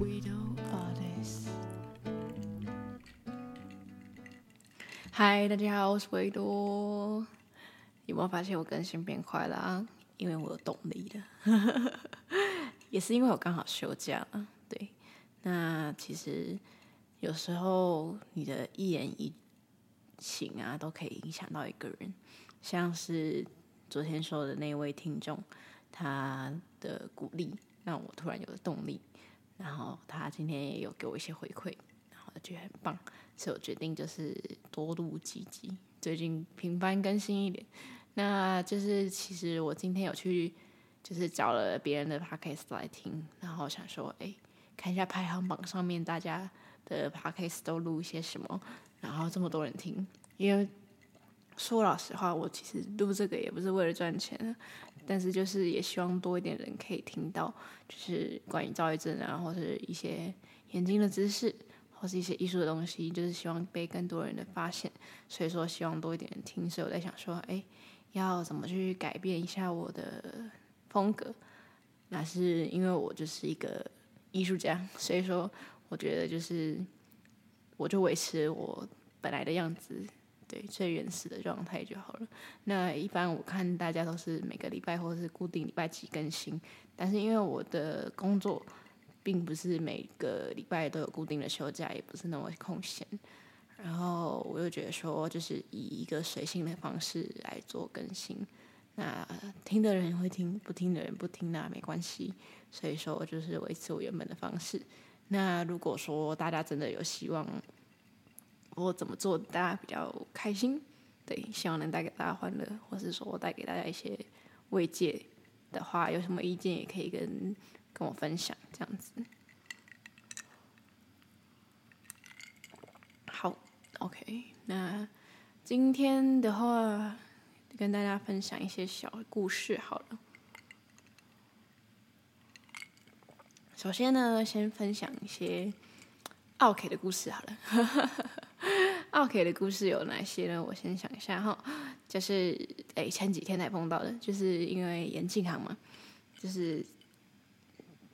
Widow Attis。嗨，大家好，我是維多。有沒有發現我更新變快了啊？因為我有動力了， 也是因為我剛好休假了。對，那其實有時候你的一言一行啊，都可以影響到一個人。像是昨天說的那位聽眾，他的鼓勵讓我突然有了動力。然後他今天也有給我一些回饋，然後我覺得很棒，所以我決定就是多錄幾集，最近頻繁更新一點。那就是其實我今天有去，就是找了別人的 podcast 來聽，然後想說，哎，看一下排行榜上面大家的 podcast 都錄一些什麼，然後這麼多人聽。因為說老實話，我其實錄這個也不是為了賺錢。但是就是也希望多一點人可以聽到，就是關於躁鬱症啊，或是一些眼睛的知識，或是一些藝術的東西，就是希望被更多人的發現。所以說希望多一點人聽，所以我在想說，哎、欸，要怎麼去改變一下我的風格？那是因為我就是一個藝術家，所以說我覺得就是我就維持我本來的樣子。對，最原始的狀態就好了。那一般我看大家都是每個禮拜或者是固定禮拜幾更新，但是因為我的工作並不是每個禮拜都有固定的休假，也不是那麼空閒，然後我又覺得說，就是以一個隨性的方式來做更新。那聽的人會聽，不聽的人不聽啊，那沒關係。所以說，就是維持我原本的方式。那如果說大家真的有希望，如果我怎麼做，大家比較開心，對，希望能帶給大家歡樂，或是說帶給大家一些慰藉的話，有什麼意見也可以跟跟我分享，這樣子。好，OK，那今天的話，跟大家分享一些小故事好了。首先呢，先分享一些奧 K 的故事好了。 奧客的故事有哪些呢？我先想一下哈，就是哎、欸、前幾天才碰到的，就是因為眼鏡行嘛，就是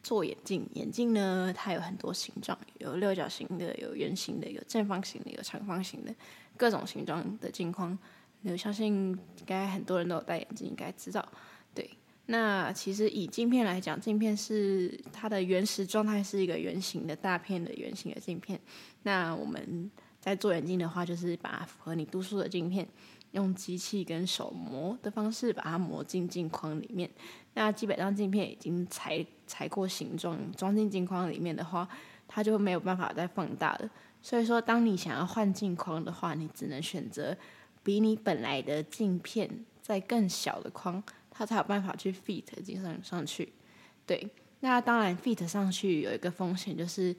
做眼鏡。眼鏡呢，它有很多形狀，有六角形的，有圓形的，有正方形的，有長方形的，各種形狀的鏡框。我相信，應該很多人都有戴眼鏡，應該知道。對，那其實以鏡片來講，鏡片是它的原始狀態是一個圓形的大片的圓形的鏡片。那我們。在做眼鏡的話，就是把符合你度數的鏡片，用機器跟手磨的方式把它磨進鏡框裡面。那基本上鏡片已經裁裁過形狀，裝進鏡框裡面的話，它就沒有辦法再放大了。所以說，當你想要換鏡框的話，你只能選擇比你本來的鏡片再更小的框，它才有辦法去 fit 鏡上上去。對，那當然 fit 上去有一個風險就是。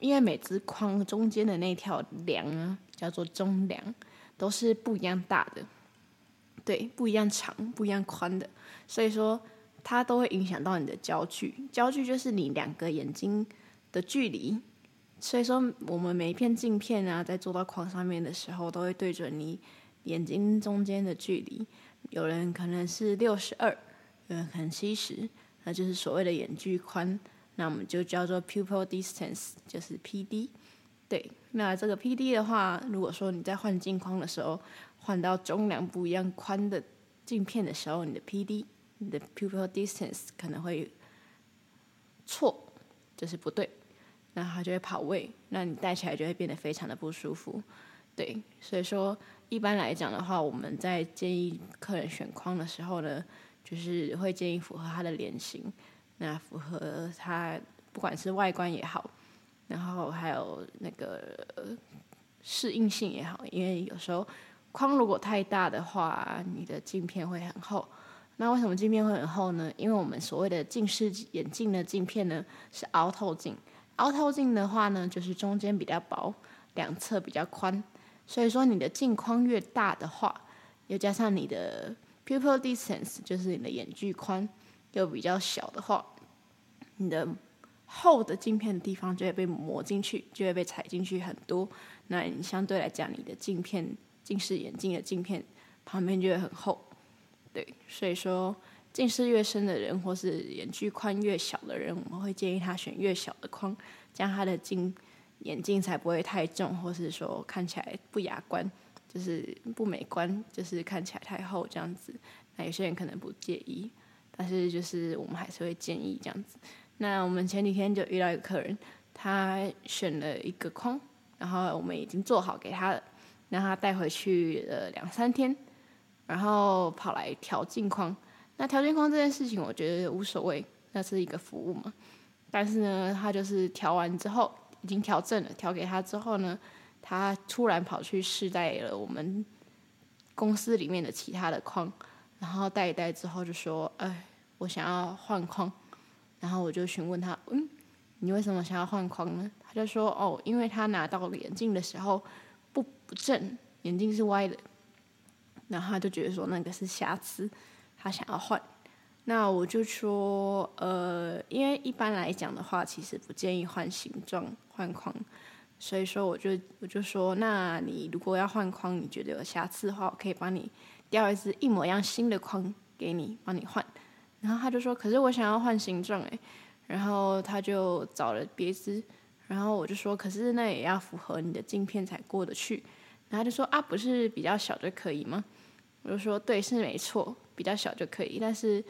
因為每隻框中間的那條梁啊，叫做中梁，都是不一樣大的，對，不一樣長、不一樣寬的，所以說它都會影響到你的焦距。焦距就是你兩個眼睛的距離，所以說我們每一片鏡片啊，在做到框上面的時候，都會對準你眼睛中間的距離。有人可能是六十二，有人可能七十，那就是所謂的眼距寬。那我們就叫做 pupil distance，就是 P D。對，那這個 P D 的話，如果說你在換鏡框的時候，換到重量不一樣、寬的鏡片的時候，你的 P D，你的 pupil distance 可能會錯，就是不對，那它就會跑位，那你戴起來就會變得非常的不舒服。對，所以說一般來講的話，我們在建議客人選框的時候呢，就是會建議符合他的臉型。那符合它，不管是外觀也好，然後還有那個適應性也好，因為有時候框如果太大的話，你的鏡片會很厚。那為什麼鏡片會很厚呢？因為我們所謂的近視眼鏡的鏡片呢是凹透鏡，凹透鏡的話呢就是中間比較薄，兩側比較寬。所以說你的鏡框越大的話，又加上你的 pupil distance，就是你的眼距寬又比較小的話，你的厚的鏡片的地方就會被磨進去，就會被踩進去很多。那你相對來講，你的鏡片近視眼鏡的鏡片旁邊就會很厚。對，所以說近視越深的人，或是眼距寬越小的人，我們會建議他選越小的框，這樣他的鏡眼鏡才不會太重，或是說看起來不雅觀，就是不美觀，就是看起來太厚這樣子。那有些人可能不介意，但是就是我們還是會建議這樣子。那我們前幾天就遇到一個客人，他選了一個框，然後我們已經做好給他了，那他帶回去呃兩三天，然後跑來調鏡框。那調鏡框這件事情我覺得無所謂，那是一個服務嘛。但是呢，他就是調完之後已經調正了，調給他之後呢，他突然跑去試戴了我們公司裡面的其他的框，然後戴一戴之後就說：“哎，我想要換框。”然後我就詢問他，嗯，你為什麼想要換框呢？他就說，哦，因為他拿到眼鏡的時候不不正，眼鏡是歪的，然後他就覺得說那個是瑕疵，他想要換。那我就說，呃，因為一般來講的話，其實不建議換形狀換框，所以說我就我就說，那你如果要換框，你覺得有瑕疵的話，我可以幫你調一隻一模一樣新的框給你，幫你換。然後他就說：“可是我想要換形狀哎。”然後他就找了別隻，然後我就說：“可是那也要符合你的鏡片才過得去。”然後他就說：“啊，不是比較小就可以嗎？”我就說：“對，是沒錯，比較小就可以。但是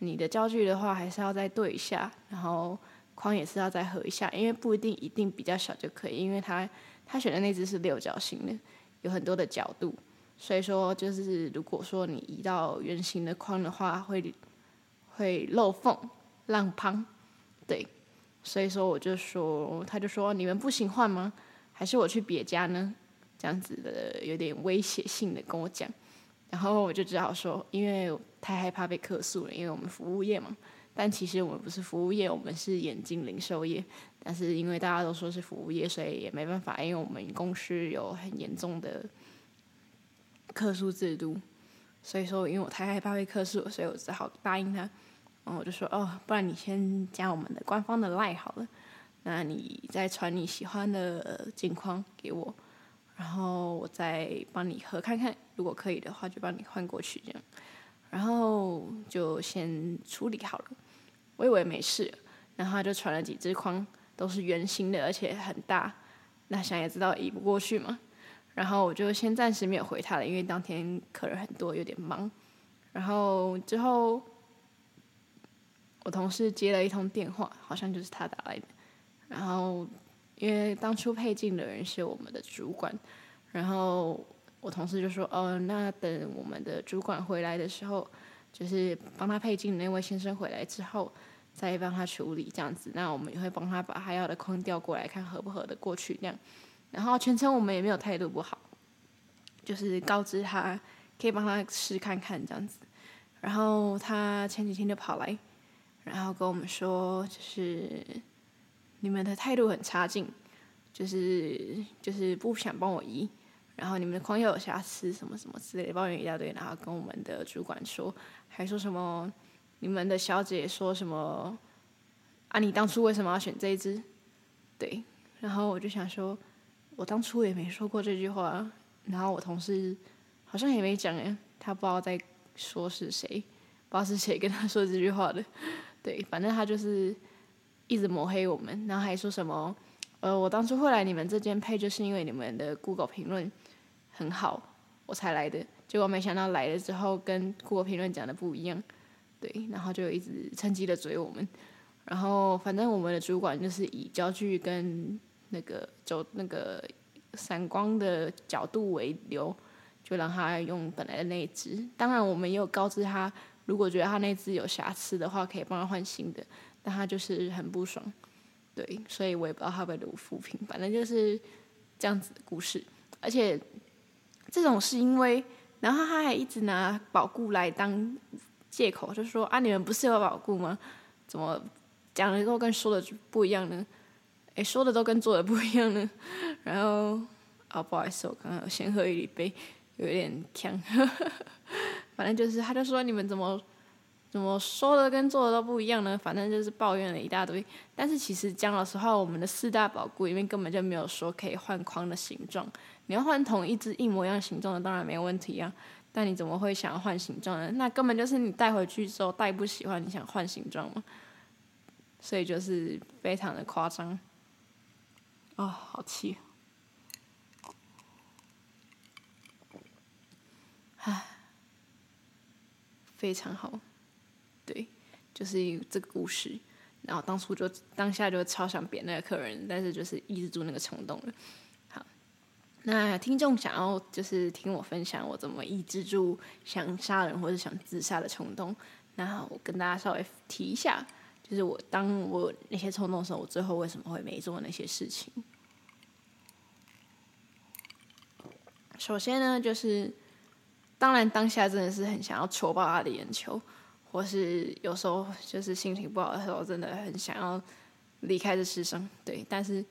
你的焦距的話，還是要再對一下，然後框也是要再合一下，因為不一定一定比較小就可以，因為他他選的那隻是六角形的，有很多的角度，所以說就是如果說你移到圓形的框的話，會。”會漏風、浪胖，對，所以說我就說，他就說你們不行換嗎？還是我去別家呢？這樣子的有點威脅性的跟我講，然後我就只好說，因為我太害怕被客訴了，因為我們服務業嘛。但其實我們不是服務業，我們是眼鏡零售業。但是因為大家都說是服務業，所以也沒辦法，因為我們公司有很嚴重的客訴制度。所以說，因為我太害怕被客訴，所以我只好答應他。然後我就說，哦，不然你先加我們的官方的 LINE 好了，那你再傳你喜歡的鏡框給我，然後我再幫你合看看，如果可以的話，就幫你換過去這樣。然後就先處理好了，我以為沒事。然後他就傳了幾只框，都是圓形的，而且很大，那想也知道移不過去嘛。然後我就先暫時沒有回他了，因為當天客人很多，有點忙。然後之後，我同事接了一通電話，好像就是他打來的。然後因為當初配鏡的人是我們的主管，然後我同事就說：“哦，那等我們的主管回來的時候，就是幫他配鏡的那位先生回來之後，再幫他處理這樣子。那我們也會幫他把他要的框調過來，看合不合的過去那樣。”然後全程我們也沒有態度不好，就是告知他可以幫他試看看這樣子。然後他前幾天就跑來，然後跟我們說，就是你們的態度很差勁，就是就是不想幫我移，然後你們的框又有瑕疵，什麼什麼之類的抱怨一大堆，然後跟我們的主管說，還說什麼你們的小姐說什麼啊，你當初為什麼要選這一支？對，然後我就想說。我當初也沒說過這句話，然後我同事好像也沒講。哎，他不知道在說是誰，不知道是誰跟他說這句話的，對，反正他就是一直抹黑我們，然後還說什麼，呃，我當初會來你們這間配，就是因為你們的 Google 評論很好，我才來的，結果沒想到來了之後跟 Google 評論講的不一樣，對，然後就一直趁機的嘴我們，然後反正我們的主管就是以焦距跟。那個走那個閃光的角度為由，就讓他用本來的那一只。當然，我們也有告知他，如果覺得他那只有瑕疵的話，可以幫他換新的。但他就是很不爽，對，所以我也不知道他會不會留負評，反正就是這樣子的故事。而且這種是因為，然後他還一直拿保固來當借口，就是說啊，你們不是有保固嗎？怎麼講的都跟說的不一樣呢？誒，說的都跟做的不一樣呢。然後，哦，不好意思，我剛剛先喝一杯，有點嗆。 反正就是，他就說你們怎麼怎麼說的跟做的都不一樣呢？反正就是抱怨了一大堆。但是其實講老實話，我們的四大寶庫裡面根本就沒有說可以換框的形狀。你要換同一只一模一樣形狀的，當然沒問題啊。但你怎麼會想要換形狀呢？那根本就是你帶回去之後帶不喜歡，你想換形狀嘛。所以就是非常的誇張。啊、哦，好氣哦！唉，非常好，對，就是這個故事。然後當初就當下就超想扁那個客人，但是就是抑制住那個衝動了。好，那聽眾想要就是聽我分享我怎麼抑制住想殺人或者想自殺的衝動，那我跟大家稍微提一下。就是我，當我那些衝動的時候，我最後為什麼會沒做那些事情？首先呢，就是當然當下真的是很想要戳爆他的眼球，或是有時候就是心情不好的時候，真的很想要離開這世上。對，但是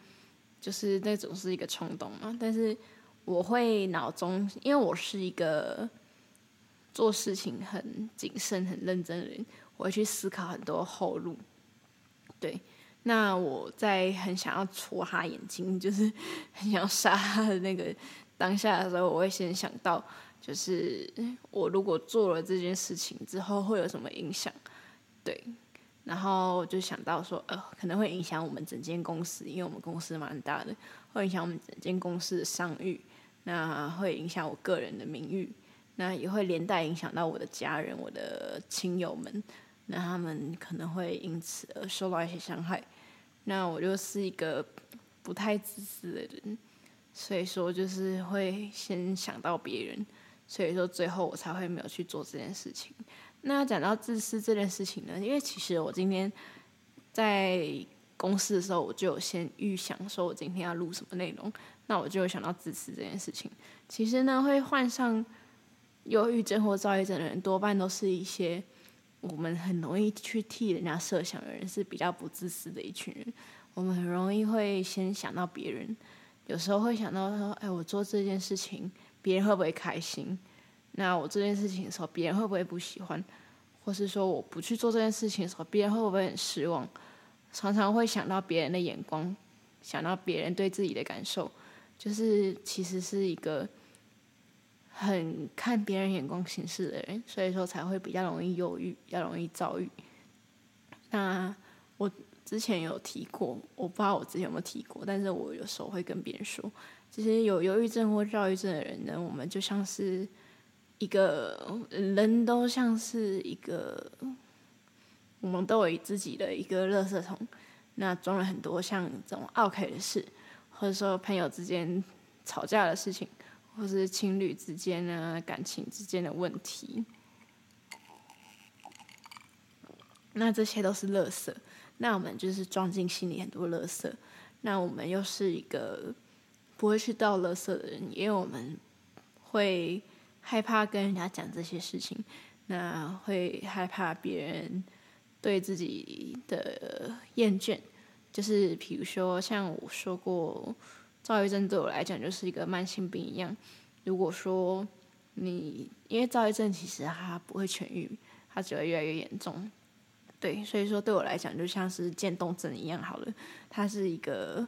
就是那種是一個衝動嘛。但是我會腦中，因為我是一個做事情很謹慎、很認真的人。我會去思考很多後路，對。那我在很想要戳他眼睛，就是很想要殺他的那個當下的時候，我會先想到，就是我如果做了這件事情之後會有什麼影響，對。然後就想到說，呃，可能會影響我們整間公司，因為我們公司蠻大的，會影響我們整間公司的商譽，那會影響我個人的名譽，那也會連帶影響到我的家人、我的親友們。那他們可能會因此而受到一些傷害。那我就是一個不太自私的人，所以說就是會先想到別人，所以說最後我才會沒有去做這件事情。那講到自私這件事情呢，因為其實我今天在公司的時候，我就有先預想說我今天要錄什麼內容，那我就有想到自私這件事情。其實呢，會患上憂鬱症或躁鬱症的人，多半都是一些。我們很容易去替人家設想的人是比較不自私的一群人，我們很容易會先想到別人，有時候會想到說，哎，我做這件事情，別人會不會開心？那我這件事情的時候，別人會不會不喜歡？或是說，我不去做這件事情的時候，別人會不會很失望？常常會想到別人的眼光，想到別人對自己的感受，就是其實是一個。很看別人眼光行事的人，所以說才會比較容易憂鬱，比較容易躁鬱。那我之前有提過，我不知道我之前有沒有提過，但是我有時候會跟別人說，其實有憂鬱症或躁鬱症的人呢，我們就像是一個人都像是一個，我們都有自己的一個垃圾桶，那裝了很多像這種奧客的事，或者說朋友之間吵架的事情。或是情侶之間呢、啊，感情之間的問題，那這些都是垃圾。那我們就是裝進心裡很多垃圾。那我們又是一個不會去倒垃圾的人，因為我們會害怕跟人家講這些事情，那會害怕別人對自己的厭倦。就是比如說，像我說過。躁鬱症對我來講就是一個慢性病一樣。如果說你，因為躁鬱症其實它不會痊癒，它只會越來越嚴重。對，所以說對我來講就像是漸凍症一樣好了，它是一個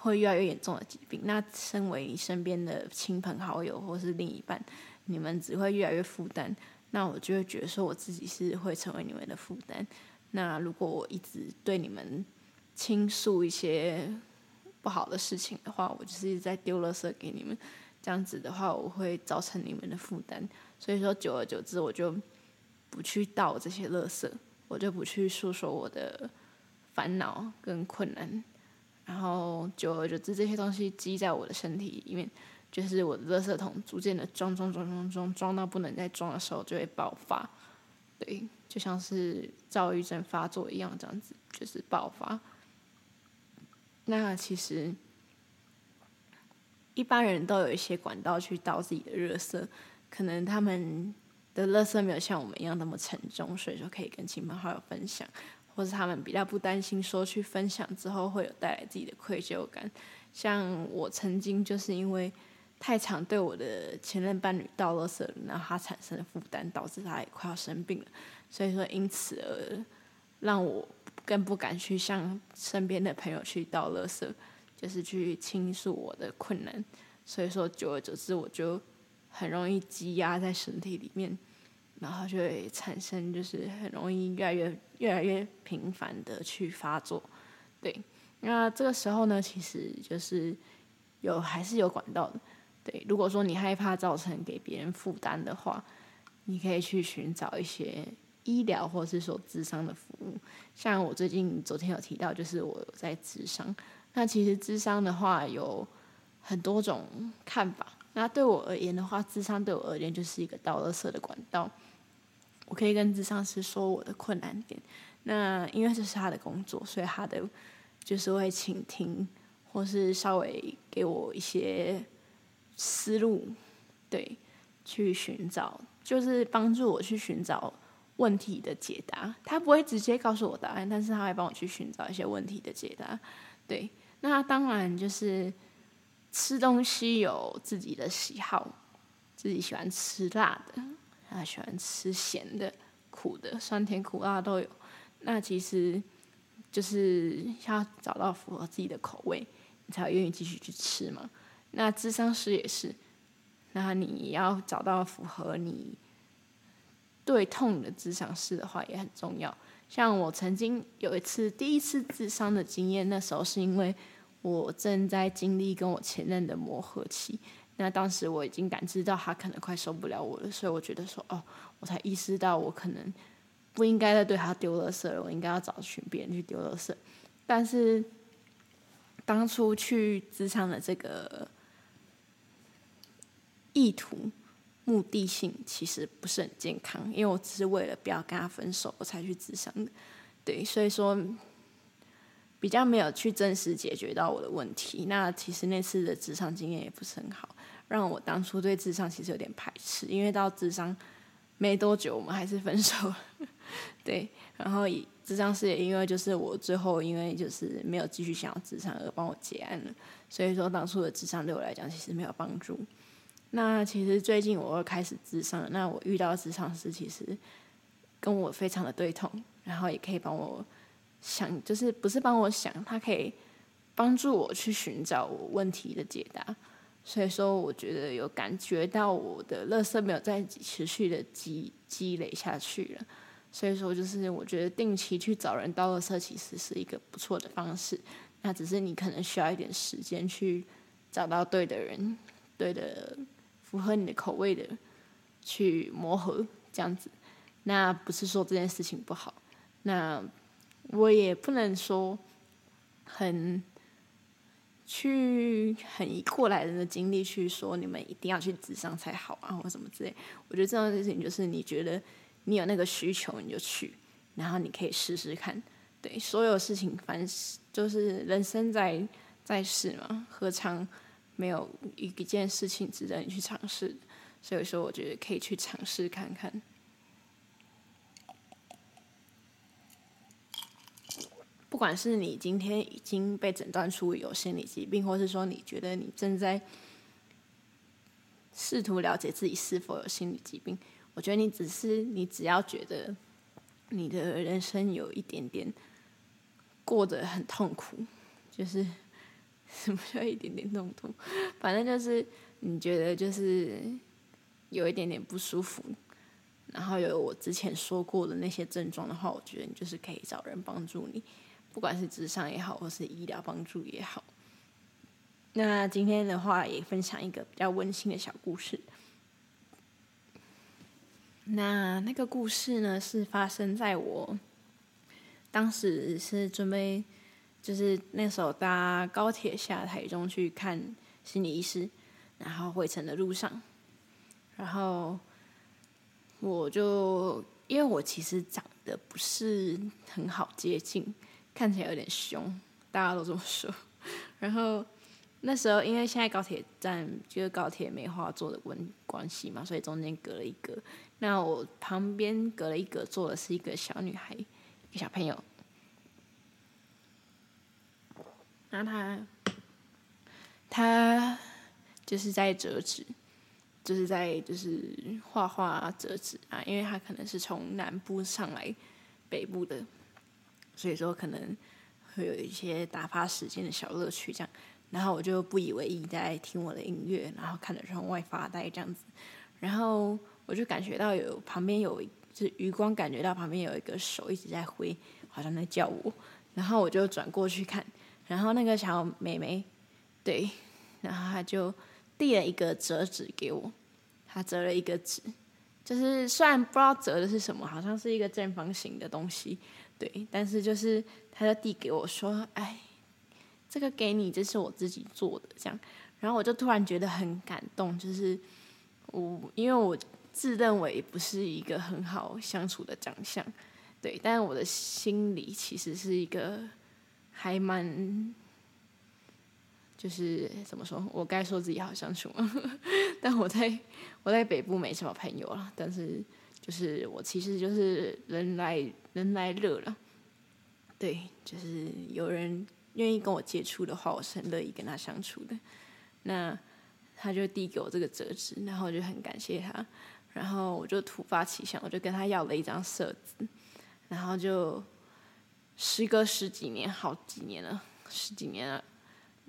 會越來越嚴重的疾病。那身為你身邊的親朋好友或是另一半，你們只會越來越負擔。那我就會覺得說我自己是會成為你們的負擔。那如果我一直對你們傾訴一些。不好的事情的話，我就是一直在丟垃圾給你們，這樣子的話，我會造成你們的負擔。所以說，久而久之，我就不去倒這些垃圾，我就不去訴說我的煩惱跟困難。然後，久而久之，這些東西積在我的身體裡面，就是我的垃圾桶逐漸的裝、裝裝裝裝裝，裝到不能再裝的時候，就會爆發。對，就像是躁鬱症發作一樣，這樣子就是爆發。那其實，一般人都有一些管道去倒自己的垃圾，可能他們的垃圾沒有像我們一樣那麼沉重，所以說可以跟親朋好友分享，或者他們比較不擔心說去分享之後會有帶來自己的愧疚感。像我曾經就是因為太常對我的前任伴侶倒垃圾，然後他產生了負擔，導致他也快要生病了，所以說因此而讓我。更不敢去向身邊的朋友去倒垃圾，就是去傾訴我的困難，所以說久而久之我就很容易積壓在身體裡面，然後就會產生就是很容易越來越越來越頻繁的去發作。對，那這個時候呢，其實就是有還是有管道的。對，如果說你害怕造成給別人負擔的話，你可以去尋找一些。醫療，或是說諮商的服務，像我最近昨天有提到，就是我有在諮商。那其實諮商的話有很多種看法。那對我而言的話，諮商對我而言就是一個倒垃圾的管道。我可以跟諮商師說我的困難點。那因為這是他的工作，所以他的就是會傾聽，或是稍微給我一些思路，對，去尋找，就是幫助我去尋找。問題的解答，他不會直接告訴我答案，但是他會幫我去尋找一些問題的解答。對，那當然就是吃東西有自己的喜好，自己喜歡吃辣的，啊，喜歡吃鹹的、苦的、酸甜苦辣都有。那其實就是要找到符合自己的口味，你才會願意繼續去吃嘛。那諮商師也是，那你要找到符合你。對痛的自傷事的話也很重要。像我曾經有一次第一次自傷的經驗，那時候是因為我正在經歷跟我前任的磨合期。那當時我已經感知到他可能快受不了我了，所以我覺得說，哦，我才意識到我可能不應該再對他丟垃圾了，我應該要找尋別人去丟垃圾。但是當初去自傷的這個意圖。目的性其實不是很健康，因為我只是為了不要跟他分手，我才去諮商的，對，所以說比較沒有去正式解決到我的問題。那其實那次的諮商經驗也不是很好，讓我當初對諮商其實有點排斥，因為到諮商沒多久，我們還是分手了，對。然後以諮商是也因為就是我最後因為就是沒有繼續想要諮商而幫我結案了，所以說當初的諮商對我來講其實沒有幫助。那其實最近我又開始諮商，那我遇到諮商師其實跟我非常的對同，然後也可以幫我想，就是不是幫我想，他可以幫助我去尋找我問題的解答。所以說，我覺得有感覺到我的垃圾沒有再持續的積積累下去了。所以說，就是我覺得定期去找人倒垃圾，其實是一個不錯的方式。那只是你可能需要一點時間去找到對的人，對的。符合你的口味的，去磨合這樣子，那不是說這件事情不好，那我也不能說很去很一過來人的經歷去說你們一定要去諮商才好啊，或什麼之類。我覺得這種事情就是你覺得你有那個需求，你就去，然後你可以試試看。對，所有事情凡事就是人生在在世嘛，何嘗？沒有一一件事情值得你去嘗試，所以說我覺得可以去嘗試看看。不管是你今天已經被診斷出有心理疾病，或是說你覺得你正在試圖了解自己是否有心理疾病，我覺得你只是你只要覺得你的人生有一點點過得很痛苦，就是。什麼叫一點點痛痛？反正就是你覺得就是有一點點不舒服，然後有我之前說過的那些症狀的話，我覺得你就是可以找人幫助你，不管是諮商也好，或是醫療幫助也好。那今天的話也分享一個比較溫馨的小故事。那那個故事呢，是發生在我當時是準備。就是那時候搭高鐵下台中去看心理醫師，然後回程的路上，然後我就因為我其實長得不是很好接近，看起來有點凶，大家都這麼說。然後那時候因為現在高鐵站就是高鐵梅花座的關關係嘛，所以中間隔了一格。那我旁邊隔了一格坐的是一個小女孩，一個小朋友。然後他，他就是在折紙，就是在就是畫畫折紙啊。因為他可能是從南部上來北部的，所以說可能會有一些打發時間的小樂趣這樣。然後我就不以為意，在聽我的音樂，然後看着窗外發呆這樣子。然後我就感覺到有旁邊有，就是余光感覺到旁邊有一個手一直在揮，好像在叫我。然後我就轉過去看。然後那個小妹妹，對，然後她就遞了一個折紙給我，她折了一個紙，就是雖然不知道折的是什麼，好像是一個正方形的東西，對，但是就是他就遞給我說：“哎，這個給你，這是我自己做的。”這樣，然後我就突然覺得很感動，就是我因為我自認為不是一個很好相處的長相，對，但是我的心裡其實是一個。還蠻，就是怎麼說，我該說自己好相處嘛？ 但我在，我在北部沒什麼朋友了。但是，就是我其實就是人來人來樂了。對，就是有人願意跟我接觸的話，我是很樂意跟他相處的。那他就遞給我這個折紙，然後我就很感謝他，然後我就突發奇想，我就跟他要了一張色紙，然後就。時隔十幾年，好幾年了，十幾年了，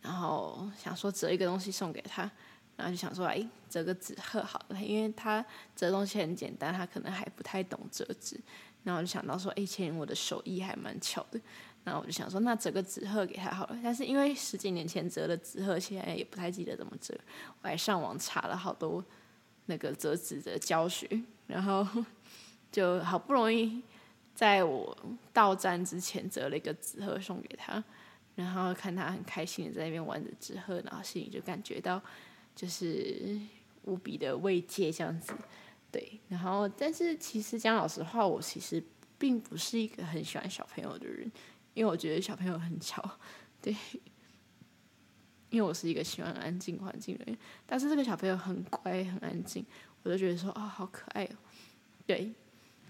然後想說折一個東西送給他，然後就想說，哎，折個紙鶴好了，因為他折東西很簡單，他可能還不太懂摺紙，然後就想到說，哎，以前我的手藝還蠻巧的，然後我就想說，那折個紙鶴給他好了，但是因為十幾年前折的紙鶴，現在也不太記得怎麼折，我還上網查了好多那個摺紙的教學，然後就好不容易。在我到站之前，折了一個紙鶴送給他，然後看他很開心的在那邊玩着紙鶴，然後心裡就感覺到就是無比的慰藉，這樣子。對，然後但是其實講老實話，我其實並不是一個很喜歡小朋友的人，因為我覺得小朋友很吵。對，因為我是一個喜歡安靜環境的人，但是這個小朋友很乖很安靜，我就覺得說啊、哦，好可愛哦，對。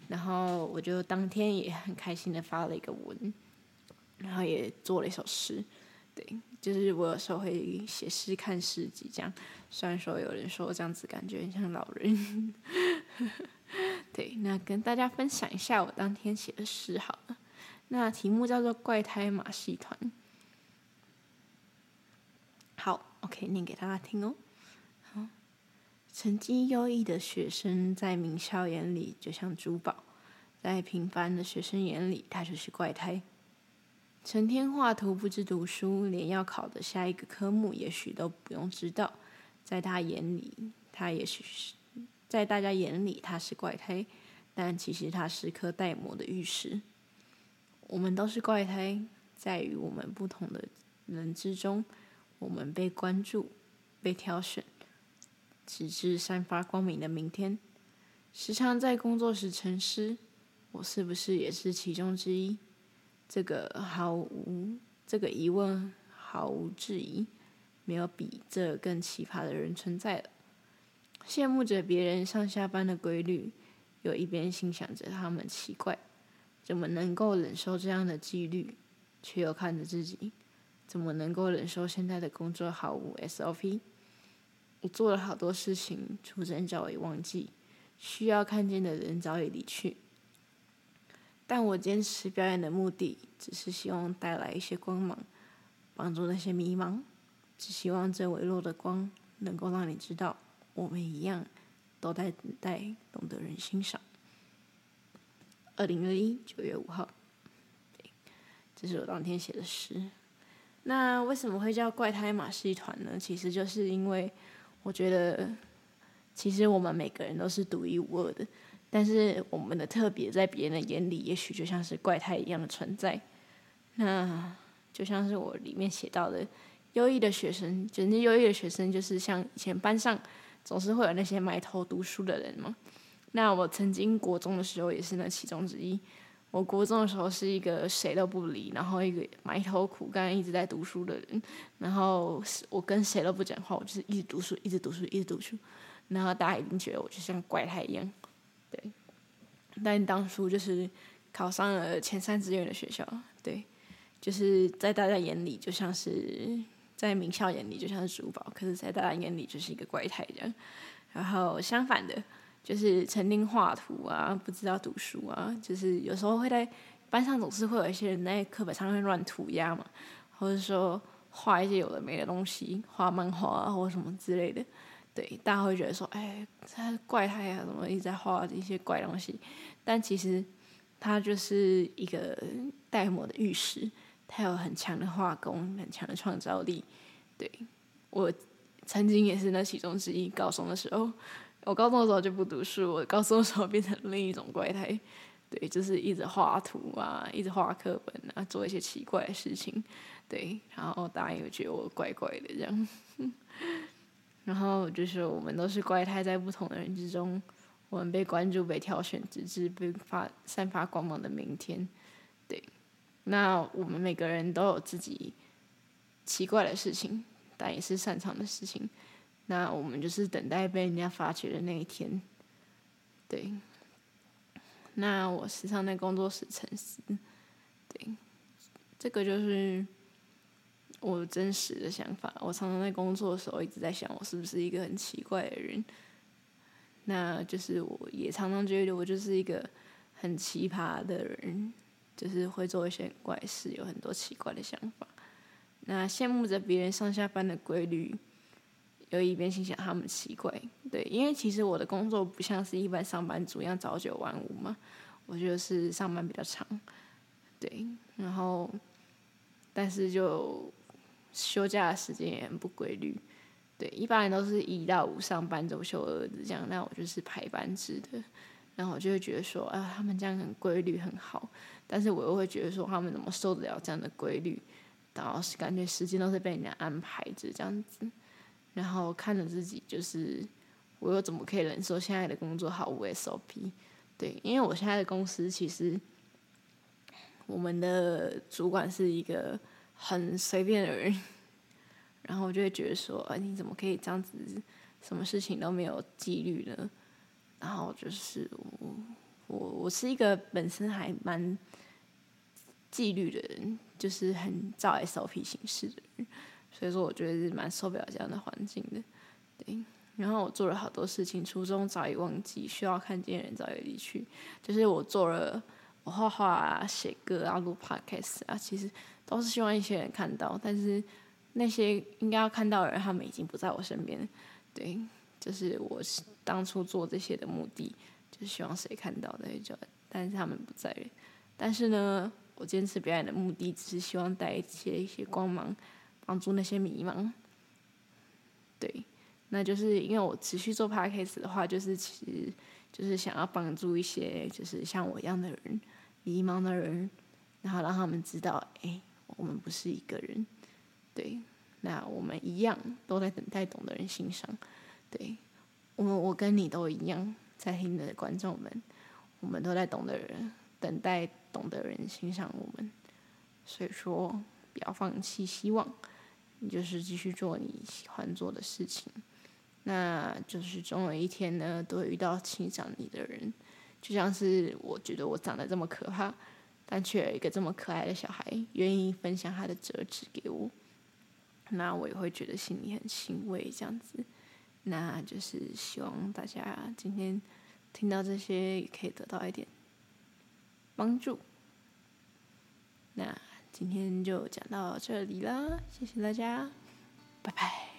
然後我就當天也很開心的發了一個文，然後也做了一首詩，對，就是我有時候會寫詩、看詩集這樣。雖然說有人說我這樣子感覺很像老人， 對，那跟大家分享一下我當天寫的詩好了，那題目叫做《怪胎馬戲團》。好，我可以念給大家聽哦。成績優異的學生在名校眼裡就像珠寶，在平凡的學生眼裡，他就是怪胎。成天畫圖不知讀書，連要考的下一個科目也許都不用知道。在他眼裡，他也許是，在大家眼裡他是怪胎，但其實他是顆待磨的玉石。我們都是怪胎，在與我們不同的人之中，我們被關注，被挑選。直至散發光明的明天。時常在工作時沉思，我是不是也是其中之一？這個毫無這個疑問，毫無質疑，沒有比這更奇葩的人存在了。羨慕着別人上下班的規律，有一邊心想着他們奇怪，怎麼能夠忍受這樣的紀律？卻又看着自己，怎麼能夠忍受現在的工作毫無 SOP？我做了好多事情，逐漸早已忘記；需要看見的人早已離去。但我堅持表演的目的，只是希望帶來一些光芒，幫助那些迷茫。只希望這微弱的光，能夠讓你知道，我們一樣都在等待，懂得人欣賞。二零二一年九月五號，這是我當天寫的詩。那為什麼會叫“怪胎馬戲團”呢？其實就是因為……我覺得，其實我們每個人都是獨一無二的，但是我們的特別在別人的眼裡，也許就像是怪胎一樣的存在。那就像是我裡面寫到的，優異的學生，就是優異的學生，就是像以前班上總是會有那些埋頭讀書的人嘛。那我曾經國中的時候也是那其中之一。我國中的時候是一個誰都不理，然後一個埋頭苦幹一直在讀書的人，然後我跟誰都不講話，我就是一直讀書，一直讀書，一直讀書。然後大家一定覺得我就像怪胎一樣，對。但當初就是考上了前三志願的學校，對，就是在大家眼裡就像是，在名校眼裡就像是珠寶，可是在大家眼裡就是一個怪胎一樣。然後相反的。就是曾經畫圖啊，不知道讀書啊，就是有時候會在班上總是會有一些人在課本上面亂塗鴉嘛，或者說畫一些有的沒的東西，畫漫畫啊，或什麼之類的。對，大家會覺得說：“哎，他是怪胎啊，怎麼一直在畫一些怪東西？”但其實他就是一個待磨的玉石，他有很強的畫功，很強的創造力。對，我曾經也是那其中之一，高中的時候。我高中的時候就不讀書，我高中的時候變成另一種怪胎，對，就是一直畫圖啊，一直畫課本啊，做一些奇怪的事情，對，然後大家也覺得我怪怪的這樣， 然後就是我們都是怪胎，在不同的人之中，我們被關注、被挑選，直至被發散發光芒的明天，對，那我們每個人都有自己奇怪的事情，但也是擅長的事情。那我們就是等待被人家發掘的那一天，對。那我時常在工作室沉思，對，這個就是我真實的想法。我常常在工作的時候一直在想，我是不是一個很奇怪的人？那就是我也常常覺得我就是一個很奇葩的人，就是會做一些怪事，有很多奇怪的想法。那羨慕着別人上下班的規律。就一邊心想他們奇怪，對，因為其實我的工作不像是一般上班族一樣早九晚五嘛，我覺得是上班比較長，對，然後，但是就休假的時間也很不規律，對，一般人都是，一到五上班，周休二日這樣，那我就是排班制的，然後我就會覺得說，啊，他們這樣很規律很好，但是我又會覺得說他們怎麼受得了這樣的規律，然後是感覺時間都是被人家安排着這樣子。然後看着自己，就是我又怎麼可以忍受現在的工作毫無 SOP？對，因為我現在的公司其實我們的主管是一個很隨便的人，然後我就會覺得說，啊，你怎麼可以這樣子，什麼事情都沒有紀律呢？然後就是我我我是一個本身還蠻紀律的人，就是很照 SOP 行事的人。所以說，我覺得是蠻受不了這樣的環境的。對，然後我做了好多事情，初衷早已忘記，需要看見的人早已離去。就是我做了，我畫畫啊、寫歌啊、錄 Podcast 啊，其實都是希望一些人看到。但是那些應該要看到的人，他們已經不在我身邊。對，就是我當初做這些的目的，就是希望誰看到的，就但是他們不在。但是呢，我堅持表演的目的，只是希望帶一些一些光芒。幫助那些迷茫。對，那就是因為我持續做 podcast 的話，就是其實就是想要幫助一些就是像我一樣的人，迷茫的人，然後讓他們知道，哎，我們不是一個人，對，那我們一樣都在等待懂的人欣賞，對，我們我跟你都一樣，在聽的觀眾們，我們都在懂的人等待懂的人欣賞我們，所以說不要放棄希望。你就是繼續做你喜歡做的事情，那就是終有一天呢，都會遇到欣賞你的人。就像是我覺得我長得這麼可怕，但卻有一個這麼可愛的小孩願意分享他的折紙給我，那我也會覺得心裡很欣慰這樣子，那就是希望大家今天聽到這些，也可以得到一點幫助。那。今天就講到這裡了，謝謝大家，拜拜。